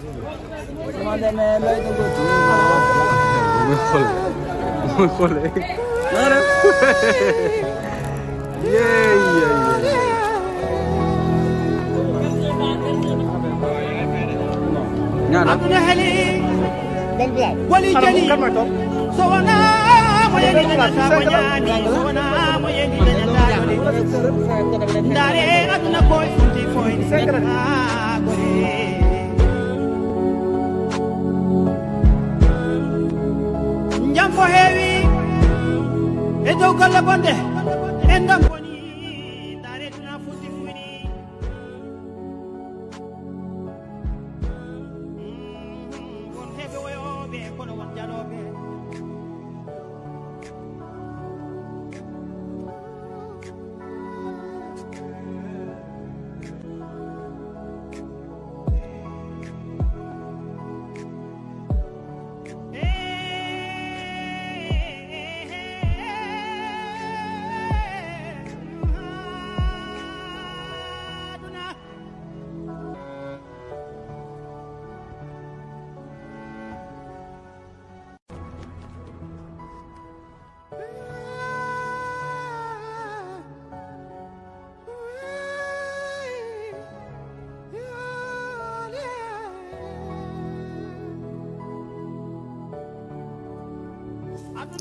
Yeah, yeah, njam for heavy, it's all golle bonde en dam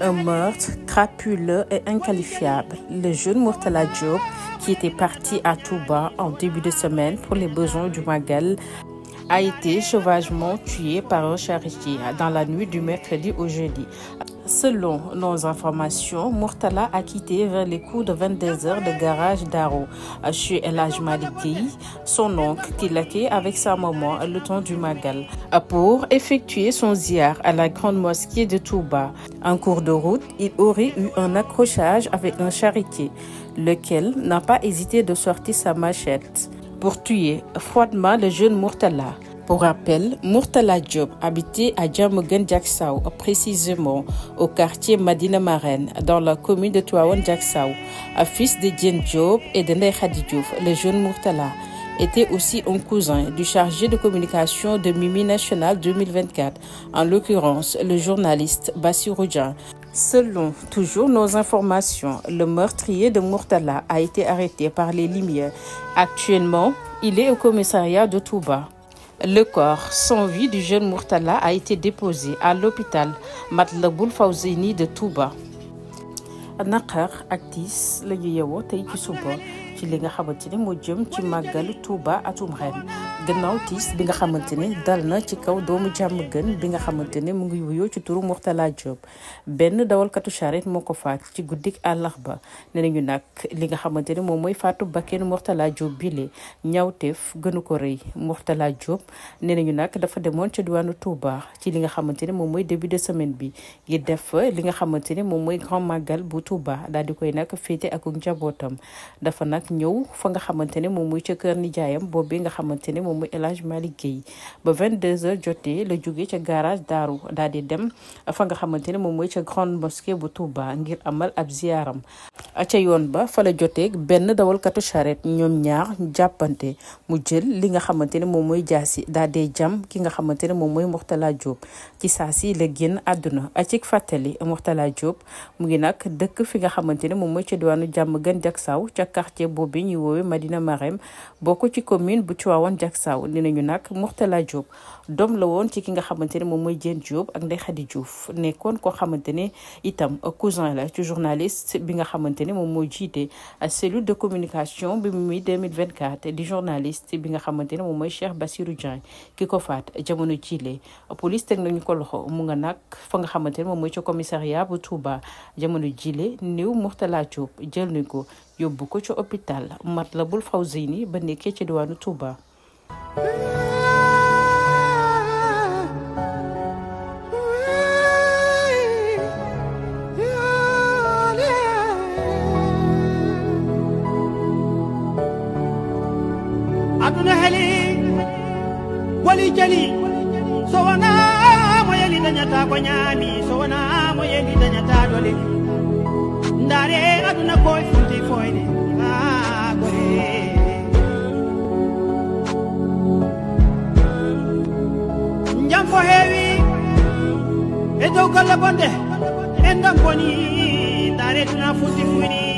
un meurtre crapuleux et inqualifiable. Le jeune Murtala Diop, qui était parti à Touba en début de semaine pour les besoins du Magal, a été sauvagement tué par un charité dans la nuit du mercredi au jeudi. Selon nos informations, Murtala a quitté vers les coups de 22 heures de garage d'Aro chez El Maliki, son oncle qui quitté avec sa maman le temps du Magal, pour effectuer son ziar à la grande mosquée de Touba. En cours de route, il aurait eu un accrochage avec un charité, lequel n'a pas hésité de sortir sa machette pour tuer froidement le jeune Murtala. Pour rappel, Murtala Job habitait à djamogen précisément au quartier Madina Maren, dans la commune de tuaon un Fils de Djen Diop et de Ney le jeune Murtala était aussi un cousin du chargé de communication de Mimi National 2024, en l'occurrence le journaliste Bassi Roudjan. Selon toujours nos informations, le meurtrier de Murtala a été arrêté par les Limiers. Actuellement, il est au commissariat de Touba. Le corps sans vie du jeune Murtala a été déposé à l'hôpital Matlaboul Fawzini de Touba. Nakar ak le la ñu yewoo tey ci suba ci li nga Touba atum gannaaw tiis nga xamante ne dal na ci kaw doomu jàmm gën bi nga xamante ne mu ngi wuyoo ci turu Mourtala Diop benn dawalkatu charrette moo ko faat ci guddik àllarba nee nañu nag li nga xamante ne moom mooy faatu bakkeen Mourtala Diop bile ñawteef gënu ko rëy Mourtala Diop nee nañu nag dafa demoon ca diwaanu Touba ci li nga xamante ne moom mooy début de semaine bi ngir def li nga xamante ne moom mooy grand magal bu Touba daal di koy nag féete ak njabootam dafa nag ñëw fa nga xamante ne moom mooy ca kër nijaayam boobu nga xamante moom muy El Hadj Malick Guèye ba 22h jotee la jóge ca garage daaru daal di dem fa nga xamante ne moom mooy ca grande mosquée bu Touba ngir amal ab a ca yoon ba fa la benn dawalkatu charrette ñoom ñaar jàppante mu jël li nga xamante ne moom mooy jaasi daal di jam ki nga xamante ne moom mooy Mourtala Diop ci saa si la génn àdduna acik fàttali Mourtala Diop mu ngi nag dëkk fi nga xamante ne moom mooy ca diwaanu jàmm gën jaksaw ca quartier boobu ñuy woowee Madina Marème saw dinañu nak nag Mourtala Diop la won ci ki nga xamante ne moy item job ak Ndeye Khady itam cousin la ci journaliste bi nga xamante mom moy jité cellule de communication bi mi 2024 di journaliste bi nga xamante mom moy Cheikh Bassirou Diagne kiko police teg nañu ko loxo mu nga nak fa nga mom moy commissariat bu Touba jamono jilé néew Mourtala Diop jël ko ko ci hôpital Matlaboul Fawzeyni ba nekké ci Touba. I, heli wali jali so wona mo yeli dañata ko ñaami so wona mo yeli dañata dole ndaare aduna ko golle bonde en dam boni futi